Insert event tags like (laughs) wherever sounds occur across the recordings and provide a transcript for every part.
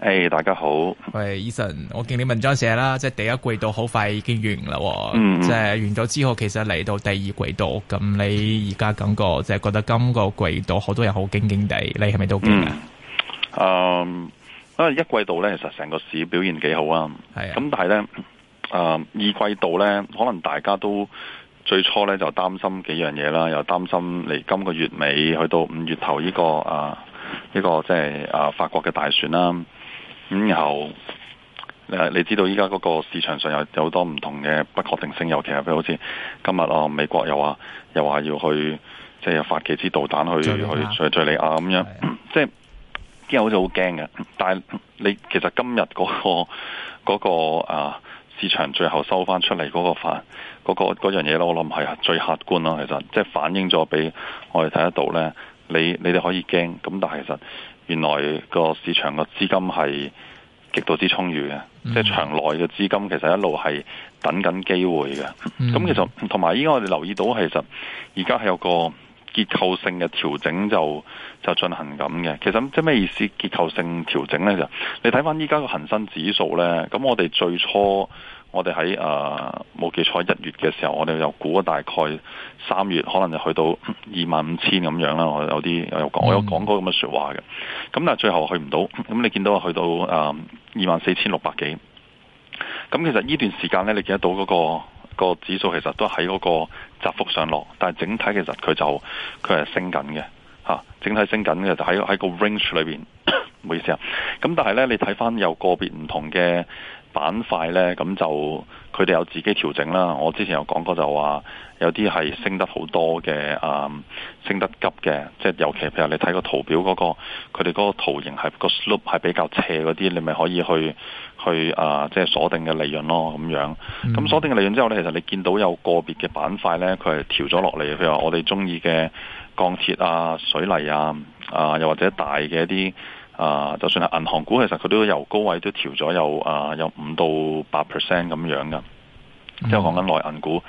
誒，Hey, 大家好。喂、Hey,，Eason，我見你文章寫啦，即係第一季度好快已經完啦、嗯。嗯即係完咗之後，其實嚟到第二季度，咁你而家感覺即係覺得今個季度好多人好驚驚地，你係咪都驚啊？嗯，Um, 因為一季度咧，其實成個市表現幾好啊。係。咁但係咧，誒，二季度咧，可能大家都最初咧就擔心幾樣嘢啦，又擔心嚟今個月尾去到五月頭呢、呢個誒呢、啊呢個、啊呢個啊、即係誒、啊、法國嘅大選啦。咁後誒、啊，你知道依家嗰個市場上有有好多唔同嘅不確定性，尤其係譬如好似今日哦、啊，美國又話又話要去即係發幾支導彈去去去,去,去,敍利亞咁樣，的 (coughs) 即係啲人好似好驚嘅。但係你其實今日嗰、嗰個、嗰個、啊市場最後收翻出嚟嗰、嗰個發嗰、嗰個嗰個、樣嘢咧，我諗係最客觀咯。其實即係反映咗俾我哋睇得到咧，你你哋可以驚，咁但係其實。原來個市場個資金係極度之充裕嘅，mm hmm. 即係場內嘅資金其實一路係等緊機會嘅。咁、mm hmm. 其實同埋依家我哋留意到，其實而家係有個。結構性嘅調整就就進行緊嘅，其實即係咩意思？結構性調整咧就，你睇翻依家個恒生指數咧，咁我哋最初我哋喺啊冇記錯一月嘅時候，我哋又估咗大概三月可能就去到二萬五千咁樣啦，我有啲有講，我有講過咁嘅說話嘅。咁但係最後去唔到，咁你見到去到啊二萬四千六百幾。咁、呃、其實呢段時間咧，你見得到嗰個。個指數其實都喺嗰個窄幅上落，但係整體其實佢就佢係升緊嘅嚇，整體升緊嘅就喺喺個 range 裏邊， (coughs) 唔好意思啊。咁但係呢，你睇翻有個別唔同嘅板塊呢，咁就。佢哋有自己調整啦，我之前有講過就話有啲係升得好多嘅，啊、嗯、升得急嘅，即係尤其譬如你睇個圖表嗰、嗰個，佢哋嗰個圖形係、個 slope 係比較斜嗰啲，你咪可以去去啊、呃，即係鎖定嘅利潤咯咁樣。咁、嗯、鎖定嘅利潤之後咧，其實你見到有個別嘅板塊咧，佢係調咗落嚟，譬如話我哋中意嘅鋼鐵啊、水泥啊，啊、呃、又或者大嘅一啲。啊，uh, 就算係銀行股，其實佢都由高位都調咗，uh, 有啊，有五到八 percent 咁樣噶。Mm hmm. 即係講緊內銀股。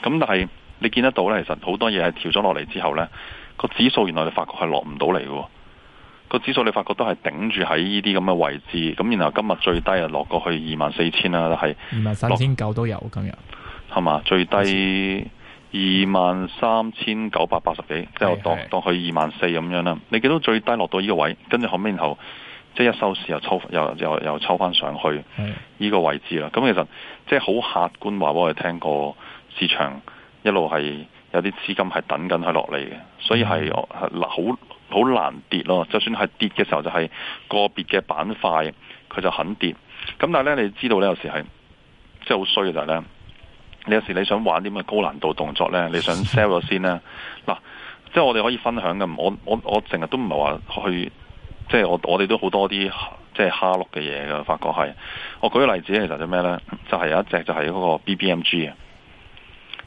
咁但係你見得到咧，其實好多嘢係調咗落嚟之後咧，個指數原來你發覺係落唔到嚟嘅。個指數你發覺都係頂住喺呢啲咁嘅位置。咁然後今日最低啊，落過去二萬四千啦，係二萬三千九都有今日。係嘛，最低。二萬三千九百八十幾，23, 是即係當是當佢二萬四咁樣啦。你見到最低落到呢個位，跟住後面後，即係一收市又抽又又又抽翻上去呢個位置啦。咁是其實即係好客觀話俾我哋聽，個市場一路係有啲資金係等緊佢落嚟嘅，所以係好好難跌咯。就算係跌嘅時候，就係個別嘅板塊佢就肯跌。咁但係咧，你知道咧，有時係即係好衰嘅就係、是、咧。你有時你想玩啲咩高難度動作咧，你想 sell 咗先咧？嗱，即係我哋可以分享嘅。我我我成日都唔係話去，即係我我哋都好多啲即係蝦碌嘅嘢嘅，發覺係。我舉個例子其實，就係咩咧？就係有一隻就係嗰個 BBMG 啊，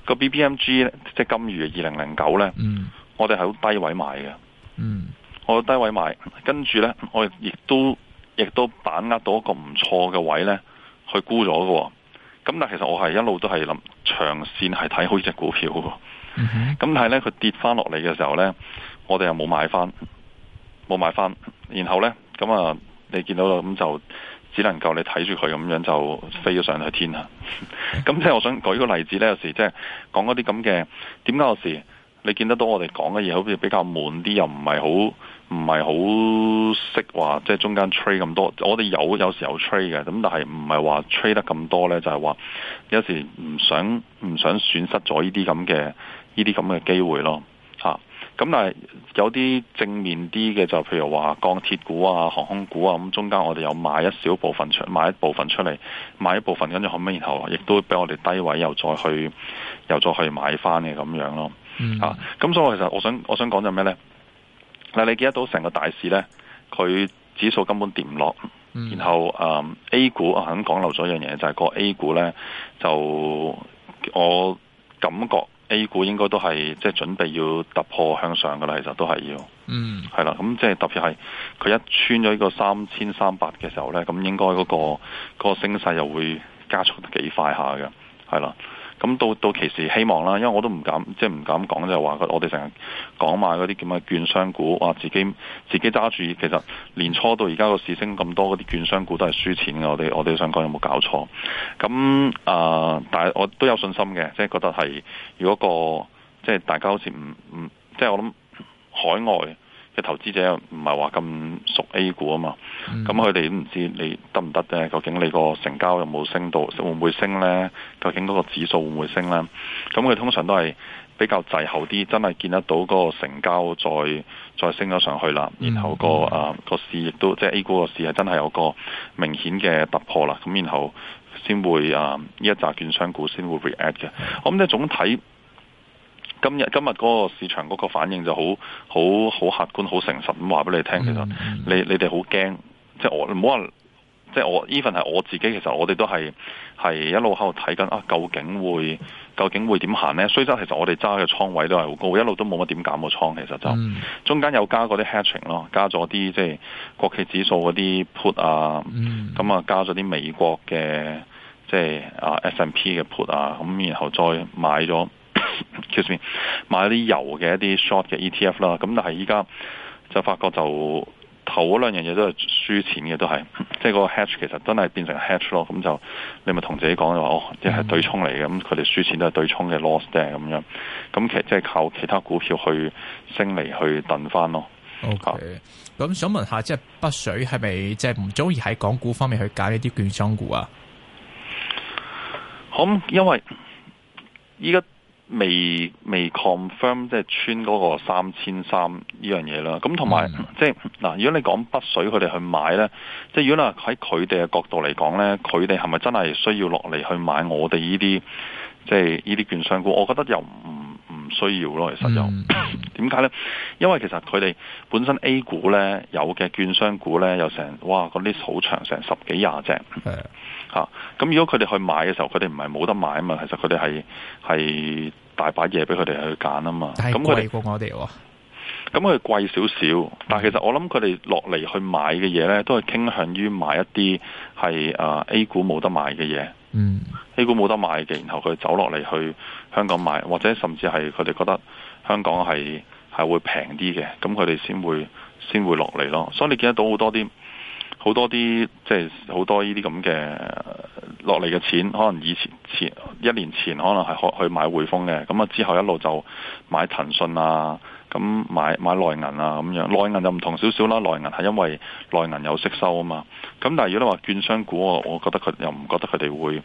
個 BBMG 即係金魚二零零九咧。嗯，我哋係好低位買嘅。嗯，我低位買，跟住咧，我亦都亦都把握到一個唔錯嘅位咧，去沽咗嘅。咁但係其實我係一路都係諗長線係睇好呢隻股票喎，咁但係咧佢跌翻落嚟嘅時候咧，我哋又冇買翻，冇買翻，然後咧咁啊，你見到喇，咁就只能夠你睇住佢咁樣就飛咗上去天啊！咁、 (laughs) 嗯、即係我想舉個例子咧，有時即係、就是、講嗰啲咁嘅，點解有時你見得到我哋講嘅嘢好似比較悶啲，又唔係好。唔係好識話，即係中間 trade 咁多。我哋有有時有 trade 嘅，咁但係唔係話 trade 得咁多呢？就係、是、話有時唔想唔想損失咗呢啲咁嘅呢啲咁嘅機會咯，嚇、啊。咁但係有啲正面啲嘅，就譬如話鋼鐵股啊、航空股啊，咁、嗯、中間我哋有買一小部分出，買一部分出嚟，買一部分，跟住後尾，然後亦都俾我哋低位又再去又再去買翻嘅咁樣咯，嚇、啊。咁所以我其實我想我想講就係咩呢？嗱，你記得到成個大市咧，佢指數根本跌唔落，嗯、然後誒、um, A 股啊肯講漏咗一樣嘢，就係、係、個 A 股咧，就我感覺 A 股應該都係即係準備要突破向上噶啦，其實都係要嗯，嗯，係啦，咁即係特別係佢一穿咗呢個三千三百嘅時候咧，咁應該嗰、嗰個升勢、嗰個、又會加速得幾快下嘅，係啦。咁到到期時希望啦，因為我都唔敢即係唔敢講，就係、是、話我哋成日講埋嗰啲叫咩券商股，話自己自己揸住，其實年初到而家個市升咁多，嗰啲券商股都係輸錢嘅。我哋我哋想講有冇搞錯？咁啊、呃，但係我都有信心嘅，即係覺得係如果個即係大家好似唔唔，即係我諗海外，嘅投資者唔係話咁熟 A 股啊嘛，咁佢哋唔知你得唔得咧？究竟你個成交有冇升到？會唔會升呢？究竟嗰個指數會唔會升呢？咁佢通常都係比較滯後啲，真係見得到個成交再再升咗上去啦。然後、個、嗯嗯、啊個市亦都即係、就是、A 股個市係真係有個明顯嘅突破啦。咁然後先會啊呢一紮券商股先會 react 嘅。我諗呢總體。今日今日嗰個市場嗰個反應就好好好客觀、好誠實咁話俾你聽。其實你你哋好驚，即係我唔好話，即係我 even 係我自己。其實我哋都係係一路喺度睇緊啊，究竟會究竟會點行咧？雖則其實我哋揸嘅倉位都係好高，一路都冇乜點減過倉。其實就、嗯、中間有加嗰啲 hatching 咯，加咗啲即係國企指數嗰啲 put 啊，咁啊、嗯、加咗啲美國嘅即係啊、uh, S&P 嘅 put 啊，咁然後再買咗。.叫住買啲油嘅一啲 short 嘅 ETF 啦，咁但係依家，就發覺就頭嗰兩樣嘢都係輸錢嘅，都係即係個 hedge 其實真係變成 hedge 咯。咁就你咪同自己講就話哦，即係對沖嚟嘅，咁佢哋輸錢都係對沖嘅 loss 啫，咁樣咁其實即係靠其他股票去升嚟去燉翻咯。OK，咁想問下，即係北水係咪即係唔中意喺港股方面去揀一啲券商股啊？好，嗯，因為依家。未未 confirm 即係穿嗰個三千三呢樣嘢啦。咁同埋即係嗱，如果你講北水佢哋去買咧，即係如果啦喺佢哋嘅角度嚟講咧，佢哋係咪真係需要落嚟去買我哋呢啲即係呢啲券商股？我覺得又唔。需要咯，其實又點解咧？因為其實佢哋本身 A 股咧有嘅券商股咧，有成哇嗰啲好長，成十幾廿隻。係咁嘅、啊、如果佢哋去買嘅時候，佢哋唔係冇得買啊嘛。其實佢哋係係大把嘢俾佢哋去揀啊嘛。咁佢哋、嗯、貴過我哋，咁佢貴少少，但係其實我諗佢哋落嚟去買嘅嘢咧，都係傾向於買一啲係啊 A 股冇得買嘅嘢。嗯，A 股冇得買嘅，然後佢走落嚟去香港買，或者甚至係佢哋覺得香港係係會平啲嘅，咁佢哋先會先會落嚟咯。所以你見得到好多啲好多啲即係好多呢啲咁嘅落嚟嘅錢，可能以前前一年前可能係去買匯豐嘅，咁啊之後一路就買騰訊啊。咁買買內銀啊咁樣，內銀就唔同少少啦。內銀係因為內銀有息收啊嘛。咁但係如果你話券商股，我覺得佢又唔覺得佢哋會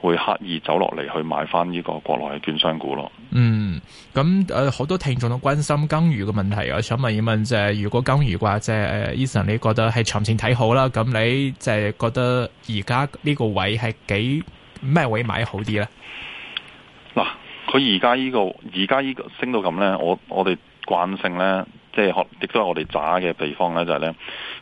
會刻意走落嚟去買翻呢個國內嘅券商股咯。嗯，咁誒好多聽眾都關心金魚嘅問題啊。我想問一問，即係如果金魚嘅話，即係 Ethan，你覺得係長線睇好啦。咁你即係覺得而家呢個位係幾咩位買好啲咧？嗱，佢而家呢個而家呢個升到咁咧，我我哋。慣性咧，即係學，亦都係我哋渣嘅地方咧，就係、是、咧，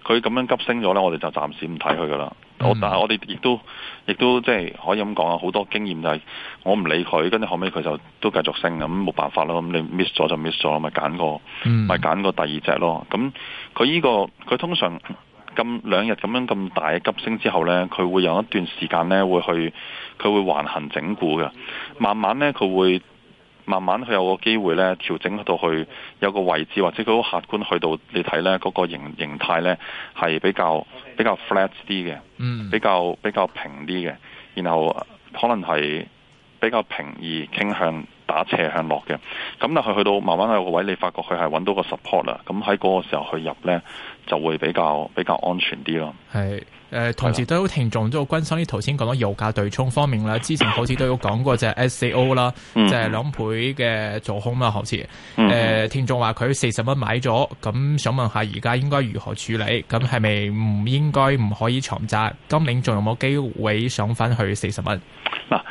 佢咁樣急升咗咧，我哋就暫時唔睇佢噶啦。我但係我哋亦都，亦都即係可以咁講啊，好多經驗就係我唔理佢，跟住後尾佢就都繼續升咁，冇、嗯、辦法啦。咁、嗯、你 miss 咗就 miss 咗，咪揀個咪揀個第二隻咯。咁佢呢個佢通常咁兩日咁樣咁大嘅急升之後咧，佢會有一段時間咧會去佢會橫行整固嘅，慢慢咧佢會。慢慢佢有個機會咧，調整到去有個位置，或者佢好客觀去到你睇咧、嗰個形形態咧，係比較比較 flat 啲嘅，嗯，比較比較，比較平啲嘅，然後可能係比較平而傾向，打斜向落嘅，咁咧佢去到慢慢喺個位，你發覺佢係揾到個 support 啦。咁喺嗰個時候去入呢，就會比較比較安全啲咯。係，誒、呃，同時都聽眾都好關心於頭先講到油價對沖方面咧，之前好似都有講過就係 SCO 啦，就係兩倍嘅做空啦。好似誒、嗯呃，聽眾話佢四十蚊買咗，咁想問下而家應該如何處理？咁係咪唔應該唔可以長揸？今年仲有冇機會上翻去四十蚊？嗱、啊。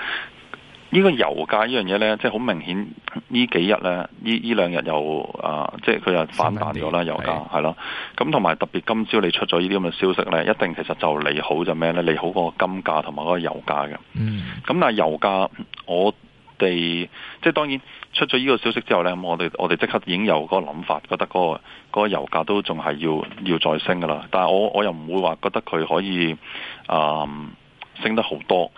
呢個油價呢樣嘢呢，即係好明顯，呢幾日呢呢兩日又啊、呃，即係佢又反彈咗啦，油價係咯。咁同埋特別今朝你出咗呢啲咁嘅消息呢，一定其實就利好就咩咧？利好嗰個金價同埋嗰個油價嘅。咁、嗯、但係油價，我哋即係當然出咗呢個消息之後呢，我哋我哋即刻已經有嗰個諗法，覺得嗰個嗰個油價都仲係要要再升噶啦。但係我我又唔會話覺得佢可以啊、呃、升得好多。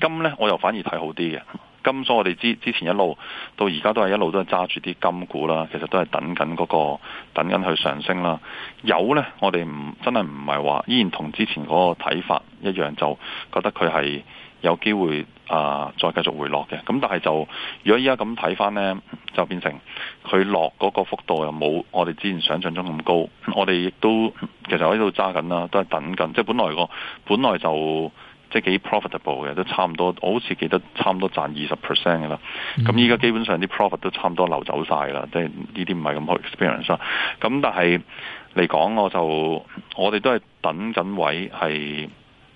金呢，我又反而睇好啲嘅。金，所以我哋之之前一路到而家都係一路都係揸住啲金股啦。其實都係等緊嗰個，等緊去上升啦。有呢，我哋唔真係唔係話，依然同之前嗰個睇法一樣，就覺得佢係有機會啊、呃，再繼續回落嘅。咁但係就如果依家咁睇翻呢，就變成佢落嗰個幅度又冇我哋之前想象中咁高。我哋亦都其實我喺度揸緊啦，都係等緊。即係本來個本來就。即係幾 profitable 嘅，都差唔多，我好似記得差唔多賺二十 percent 嘅啦。咁依家基本上啲 profit 都差唔多流走晒啦，即係呢啲唔係咁好 experience 啦。咁但係嚟講，我就我哋都係等緊位係。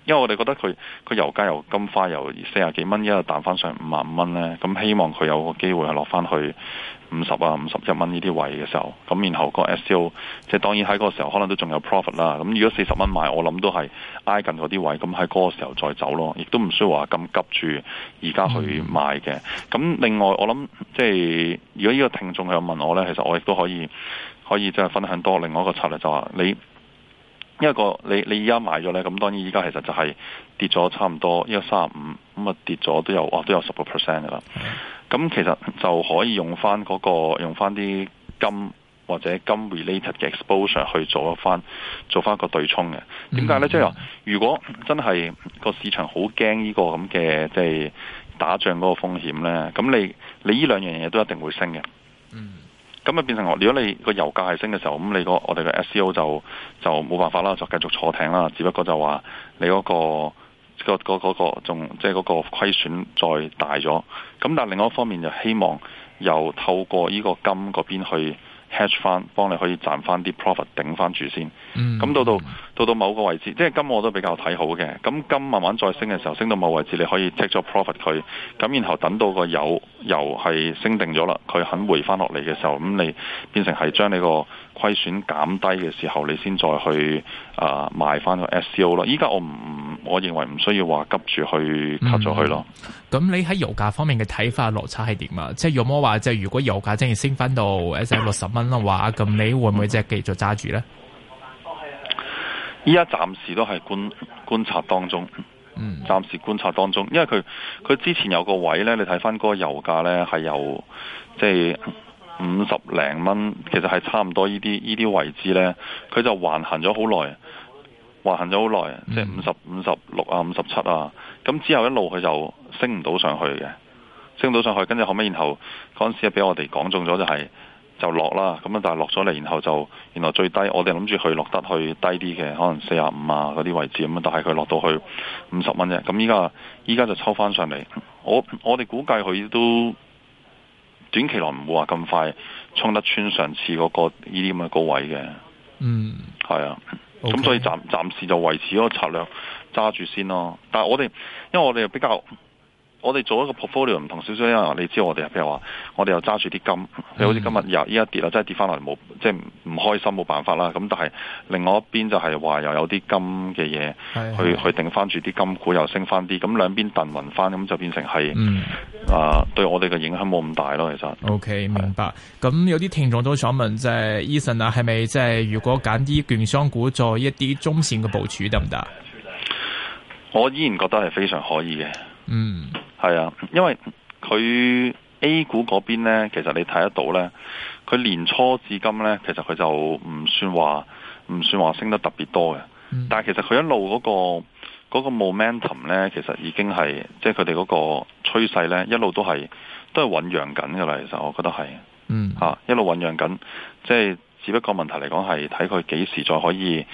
因為我哋覺得佢佢油價由咁快由四十幾蚊一日彈翻上五十五蚊咧，咁、嗯、希望佢有個機會係落翻去五十啊五十一蚊呢啲位嘅時候，咁、嗯、然後個 SCO 即係當然喺嗰個時候可能都仲有 profit 啦。咁、嗯、如果四十蚊買，我諗都係挨近嗰啲位，咁喺嗰個時候再走咯，亦都唔需要話咁急住而家去買嘅。咁、嗯嗯、另外我諗即係如果呢個聽眾有問我咧，其實我亦都可以可以即係分享多另外一個策略，就是，就話你。一個你你而家買咗咧，咁當然而家其實就係跌咗差唔多一個三十五，咁啊跌咗都有哇都有十個 percent 嘅啦。咁其實就可以用翻嗰、嗰個用翻啲金或者金 related 嘅 exposure 去做一翻做翻個對沖嘅。點解咧？即係、mm hmm. 如果真係個市場好驚呢個咁嘅即係打仗嗰個風險咧，咁你你呢兩樣嘢都一定會升嘅。咁咪變成如果你個油價係升嘅時候，咁你個我哋嘅 SEO 就就冇辦法啦，就繼續坐艇啦。只不過就話你嗰、嗰個、嗰個嗰、嗰個仲、嗰個、即係嗰個虧損再大咗。咁但係另外一方面就希望由透過呢個金嗰邊去 hedge 返，幫你可以賺返啲 profit 頂返住先。咁、嗯、到到到到某個位置，即係金我都比較睇好嘅。咁金慢慢再升嘅時候，升到某個位置，你可以 take 咗 profit 佢。咁然後等到個油油係升定咗啦，佢肯回翻落嚟嘅時候，咁你變成係將你個虧損減低嘅時候，你先再去啊賣翻去 SCO 咯。依家我唔我認為唔需要話急住去 cut 咗佢咯。咁、嗯、你喺油價方面嘅睇法落差係點啊？即係有冇話即係如果油價真係升翻到 S F 六十蚊嘅話，咁 (coughs) 你會唔會即係繼續揸住咧？依家暫時都係觀觀察當中，暫時觀察當中，因為佢佢之前有個位呢，你睇翻嗰個油價呢，係由即係五十零蚊，其實係差唔多依啲依啲位置呢，佢就橫行咗好耐，橫行咗好耐，即係五十五十六啊，五十七啊，咁之後一路佢就升唔到上去嘅，升唔到上去，跟住後尾，然後嗰陣時啊、就是，俾我哋講中咗就係。就落啦，咁啊，但係落咗嚟，然後就，原來最低，我哋諗住去落得去低啲嘅，可能四十五啊嗰啲位置咁啊，但係佢落到去五十蚊啫，咁依家依家就抽翻上嚟，我我哋估計佢都短期內唔會話咁快衝得穿上次嗰、嗰個呢啲咁嘅高位嘅。嗯，係啊，咁 Okay.、嗯、所以暫暫時就維持嗰個策略揸住先咯。但係我哋，因為我哋又比較。我哋做一個 portfolio 唔同少少，因為你知我哋又譬如話，我哋又揸住啲金，你好似今日又依家跌啦，真係跌翻落嚟冇，即係唔開心，冇辦法啦。咁但係另外一邊就係話又有啲金嘅嘢是去去定翻住啲金股又升翻啲，咁兩邊燉匀翻，咁就變成係、嗯、啊對我哋嘅影響冇咁大咯，其實。O、okay, K，明白。咁是有啲聽眾都想問，即、就、係、是、Eason 啊，係咪即係如果揀啲券商股做一啲中線嘅部署得唔得？是是我依然覺得係非常可以嘅。嗯。係啊，因為佢 A 股嗰邊咧，其實你睇得到咧，佢年初至今咧，其實佢就唔算話唔算話升得特別多嘅。嗯、但係其實佢一路嗰、嗰個、嗰個 momentum 咧，其實已經係即係佢哋嗰個趨勢咧，一路都係都係醞釀緊嘅啦。其實我覺得係，吓、嗯啊、一路醞釀緊，即係只不過問題嚟講係睇佢幾時再可以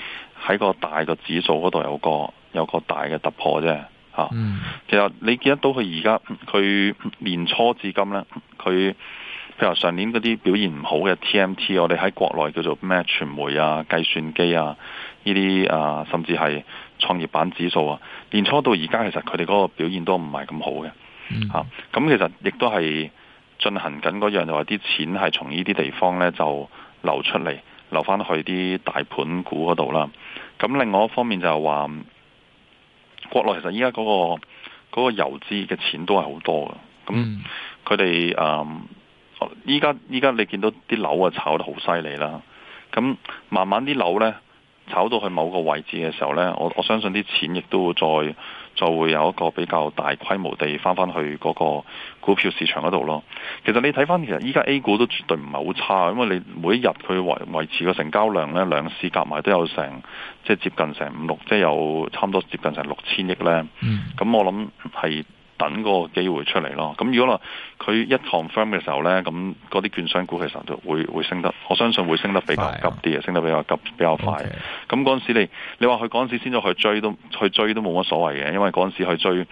喺個大嘅指數嗰度有個有個大嘅突破啫。啊，嗯、其實你見得到佢而家佢年初至今咧，佢譬如上年嗰啲表現唔好嘅 TMT，我哋喺國內叫做咩傳媒啊、計算機啊呢啲啊，甚至係創業板指數啊，年初到而家其實佢哋嗰個表現都唔係咁好嘅。嗯、啊，咁其實亦都係進行緊嗰樣就話啲錢係從呢啲地方咧就流出嚟，流翻去啲大盤股嗰度啦。咁另外一方面就係話。國內其實依家嗰個嗰個游資嘅錢都係好多㗎，咁佢哋誒依家依家你見到啲樓啊炒得好犀利啦，咁慢慢啲樓咧。炒到去某個位置嘅時候呢，我我相信啲錢亦都會再再會有一個比較大規模地翻翻去嗰個股票市場嗰度咯。其實你睇翻其實依家 A 股都絕對唔係好差，因為你每一日佢維維持個成交量呢，兩市夾埋都有成即係接近成五六，即係有差唔多接近成六千億呢。咁、嗯、我諗係。等個機會出嚟咯，咁如果話佢一 confirm 嘅時候呢，咁嗰啲券商股其實就會會升得，我相信會升得比較急啲嘅，啊、升得比較急比較快。咁嗰陣時你你話佢嗰陣時先至去，去追都去追都冇乜所謂嘅，因為嗰陣時去追，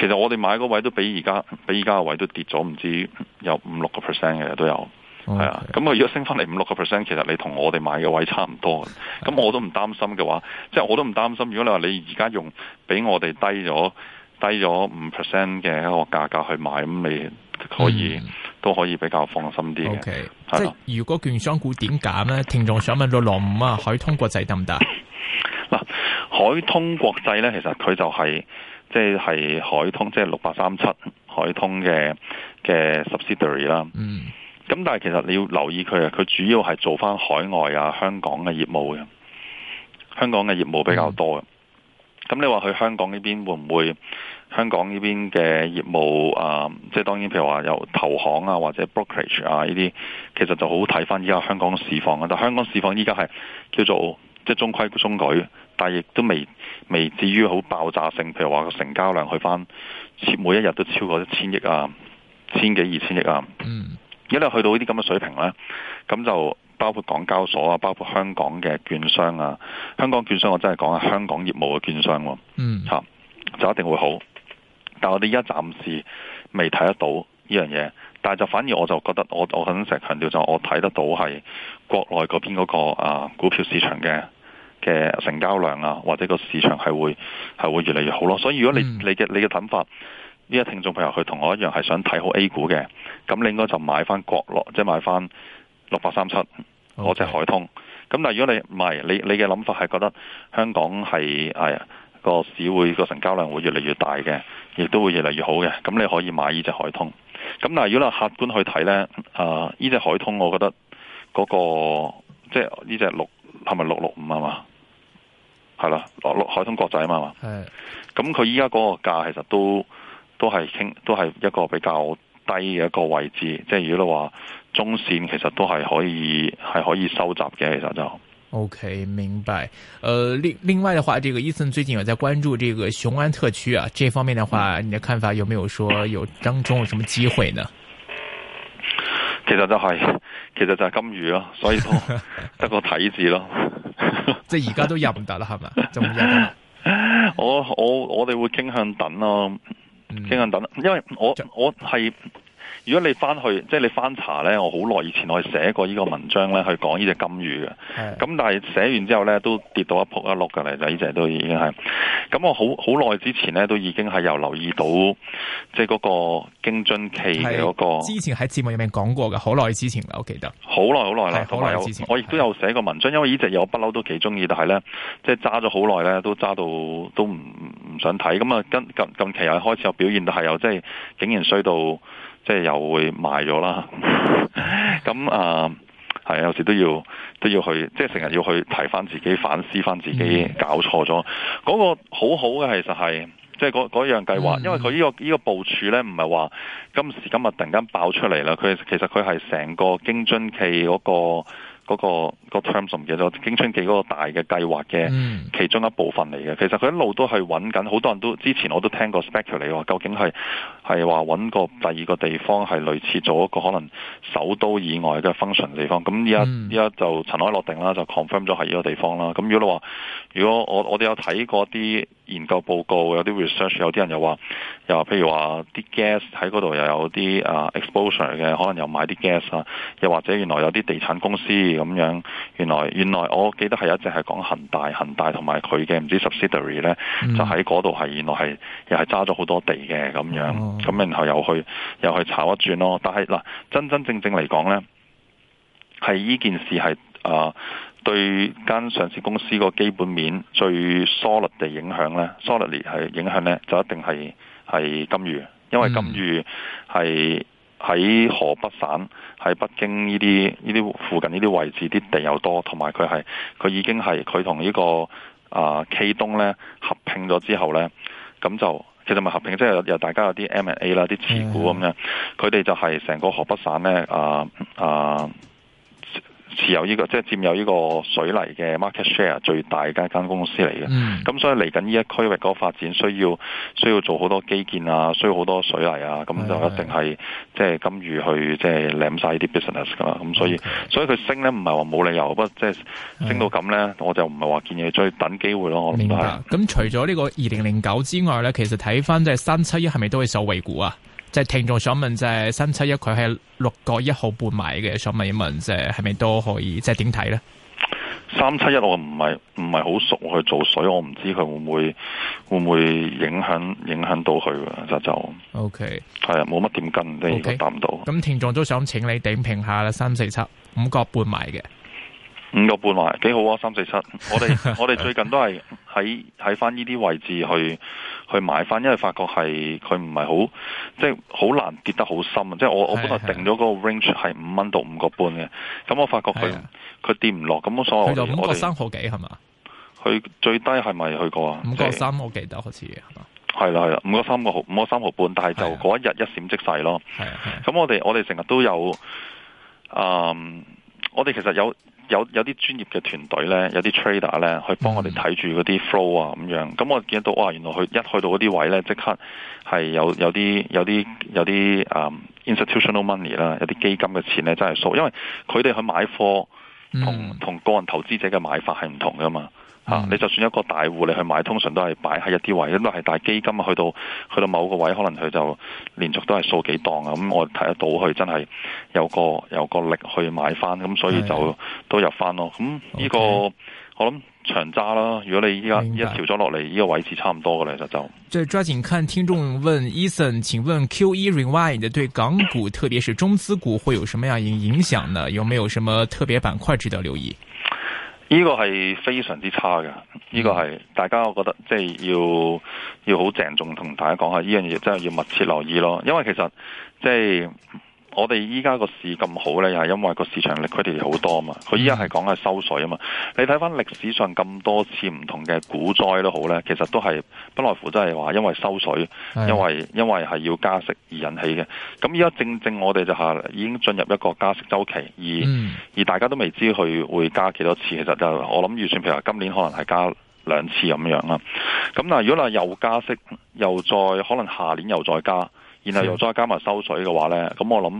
其實我哋買嗰位都比而家比而家嘅位都跌咗唔知有五六個 percent 嘅都有，係 Okay. 啊。咁我如果升翻嚟五六個 percent，其實你同我哋買嘅位差唔多，咁 Okay. 我都唔擔心嘅話，即係我都唔擔心。如果你話你而家用比我哋低咗。Mm hmm. 低咗五 percent 嘅一個價格去買，咁你可以、嗯、都可以比較放心啲嘅。Okay, 的即係如果券商股點揀咧？聽眾想問：六六五啊，海通國際得唔得？嗱，海通國際咧，其實佢就係、是、即係海通，即係六八三七海通嘅嘅 subsidiary 啦。嗯。咁但係其實你要留意佢啊，佢主要係做翻海外啊香港嘅業務嘅，香港嘅業,業務比較多嘅。嗯咁你話去香港呢邊會唔會香港呢邊嘅業務啊、呃，即係當然，譬如話有投行啊，或者 brokerage 啊呢啲，其實就好睇翻依家香港嘅市況啊。但香港市況依家係叫做即係中規中矩，但係亦都未未至於好爆炸性。譬如話個成交量去翻每一日都超過一千億啊，千幾二千億啊。嗯，如果你去到呢啲咁嘅水平呢，咁就。包括港交所啊，包括香港嘅券商啊，香港券商我真係講下香港業務嘅券商喎、啊，嗯、mm. 啊，嚇就一定會好。但我哋依家暫時未睇得到呢樣嘢，但係就反而我就覺得我我肯成強調就我睇得到係國內嗰邊嗰個啊股票市場嘅嘅成交量啊，或者個市場係會係會越嚟越好咯。所以如果你、mm. 你嘅你嘅諗法，呢個聽眾朋友佢同我一樣係想睇好 A 股嘅，咁你應該就買翻國內即係買翻。六百三七，嗰隻海通。咁但係如果你唔係，你你嘅諗法係覺得香港係係個市會個成交量會越嚟越大嘅，亦都會越嚟越好嘅。咁你可以買呢隻海通。咁但係如果你客觀去睇呢，啊、呃，依隻海通，我覺得嗰個即係呢隻六係咪六六五啊嘛？係啦，六六海通國際啊嘛。係的。咁佢依家嗰個價其實都都係傾，都係一個比較低嘅一個位置。即係如果你話，中綫其實都係可以，係可以收集嘅，其實就 OK 明白。誒、呃，另另外嘅話，這個、Ethan 最近有在關注這個雄安特區啊，這方面嘅話，嗯、你嘅看法有沒有說有當中有什麼機會呢？其實就係，其實就係金魚咯、啊，所以 (laughs) 得個睇字咯。即係而家都入唔得啦，係咪？我我我哋會傾向等咯、啊，嗯、傾向等，因為我我係。 (laughs) 如果你翻去，即係你翻查咧，我好耐以前我係寫過呢個文章咧，去講呢隻金魚嘅。咁的但係寫完之後咧，都跌到一仆一碌嘅嚟。呢隻都已經係，咁我好好耐之前咧，都已經係有留意到，即係嗰個京津冀嘅嗰個。之前喺節目入面講過嘅。好耐之前我記得。好耐好耐啦，好耐之前，我亦都有寫過的文章，因為呢隻嘢我不嬲都幾中意，但係咧，即係揸咗好耐咧，都揸到都唔唔想睇。咁啊，近近期又開始有表現有，但係又即係竟然衰到。即係又會賣咗啦，咁啊係有時都要都要去，即係成日要去提翻自己，反思翻自己搞錯咗。嗰個好好嘅其實係，即係嗰嗰樣計劃，因為佢呢個呢個部署呢，唔係話今時今日突然間爆出嚟啦，佢其實佢係成個京津冀嗰個。嗰個嗰個 terms 仲唔記得？京春記嗰個大嘅計劃嘅其中一部分嚟嘅。其實佢一路都係揾緊，好多人都之前我都聽過 speculate，究竟係係話揾個第二個地方係類似做一個可能首都以外嘅 function 嘅地方。咁依家依家就塵埃落定啦，就 confirm 咗係呢個地方啦。咁如果你話如果我我哋有睇過啲研究報告，有啲 research，有啲人又話又譬如話啲 gas 喺嗰度又有啲啊 exposure 嘅，可能又買啲 gas 啊，又或者原來有啲地產公司。咁樣，原來原來，我記得係一直係講恒大，恒大同埋佢嘅唔知 subsidiary 咧，mm hmm. 就喺嗰度係，原來係又係揸咗好多地嘅咁樣，咁、mm hmm. 然後又去又去炒一轉咯。但係嗱，真真正正嚟講咧，係依件事係啊、呃，對間上市公司個基本面最 solid 地影響咧 s o l i d l 影響咧，就一定係係金隅，因為金隅係。Mm hmm. 喺河北省喺北京呢啲呢啲附近呢啲位置啲地又多，同埋佢係佢已經係佢同呢個啊冀東咧合併咗之後咧，咁就其實咪合併，即係又大家有啲 M&A 啦，啲持股咁樣，佢哋就係成個河北省咧啊啊！呃呃持有依、這個即係佔有呢個水泥嘅 market share 最大嘅一間公司嚟嘅，咁、嗯、所以嚟緊呢一區域嗰個發展需要需要做好多基建啊，需要好多水泥啊，咁、嗯、就一定係即係金隅去即係攬曬依啲 business 噶、啊、啦。咁 okay, 所以所以佢升咧唔係話冇理由，不過即係升到咁咧，嗯、我就唔係話建議再等機會咯。我明白。咁是除咗呢個二零零九之外咧，其實睇翻即係三七一係咪都係受惠股啊？即係聽眾想問，就係三七一佢係六個一毫半買嘅，想問一問，即係係咪都可以，即係點睇咧？三七一我唔係唔係好熟去做水，所以我唔知佢會唔會會唔會影響影響到佢就就 OK 係啊，冇乜點跟呢 Okay. 個答唔到。咁聽眾都想請你點評下啦，三四七五個半買嘅。五個半嚟，幾好啊！三四七，我哋我哋最近都係喺喺翻呢啲位置去去買翻，因為發覺係佢唔係好，即係好難跌得好深啊！即係我我本來定咗個 range 係五蚊到五個半嘅，咁我發覺佢佢跌唔落，咁所以我我個三毫幾係嘛？佢最低係咪去過啊？五角三，我記得好似係啦係啦，五角三個號，五三毫半，但係就嗰一日一閃即逝咯。咁我哋我哋成日都有，嗯，我哋其實有。有有啲專業嘅團隊呢，有啲 trader 呢，去幫我哋睇住嗰啲 flow 啊咁樣。咁我見到哇，原來佢一去到嗰啲位呢，即刻係有有啲有啲有啲誒、um, institutional money 啦，有啲基金嘅錢呢，真係掃，因為佢哋去買貨同同個人投資者嘅買法係唔同㗎嘛。啊！ (noise) 你就算一個大戶，你去買，通常都係擺喺一啲位，因都係大基金啊，去到去到某個位，可能佢就連續都係掃幾檔啊。咁我睇得到佢真係有個有個力去買翻，咁所以就都入翻咯。咁、嗯、呢、這個 (noise) 我諗長揸啦。如果你依家一調咗落嚟，呢 (noise) 個位置差唔多嘅喇 (noise) 就就。再抓緊看，聽眾問 Eason，請問 QE Rewind 對港股，特別是中資股，會有什麼樣影影響呢？有沒有什麼特別板塊值得留意？呢個係非常之差嘅，呢個係大家我覺得即係要要好鄭重同大家講下，呢樣嘢真係要密切留意咯，因為其實即係。我哋依家個市咁好呢，又係因為個市場力佢哋好多嘛。佢依家係講緊收水啊嘛。你睇翻歷史上咁多次唔同嘅股災都好呢，其實都係不外乎，真係話因為收水，的因為因為係要加息而引起嘅。咁依家正正我哋就係已經進入一個加息週期，而、嗯、而大家都未知佢會加幾多次。其實就我諗預算，譬如話今年可能係加兩次咁樣啦。咁嗱，如果嗱又加息，又再可能下年又再加。然後又再加埋收水嘅話呢，咁我諗，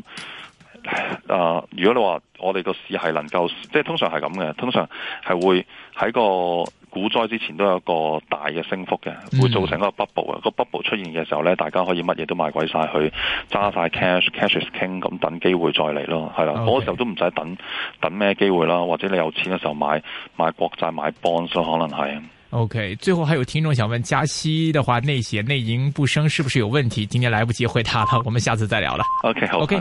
啊、呃，如果你話我哋個市係能夠，即係通常係咁嘅，通常係會喺個股災之前都有個大嘅升幅嘅，會造成一個 bubble 啊、嗯！個 bubble 出現嘅時候呢，大家可以乜嘢都賣鬼晒，去揸晒 cash，cash is king，咁等機會再嚟咯，係啦，嗰、啊 okay. 時候都唔使等等咩機會啦，或者你有錢嘅時候買買國債買 bonds 咯，可能係。O、okay, K，最後還有聽眾想問，加息的話，內險內銀不升是不是有問題？今天來不及回答了，我們下次再聊了。OK，OK。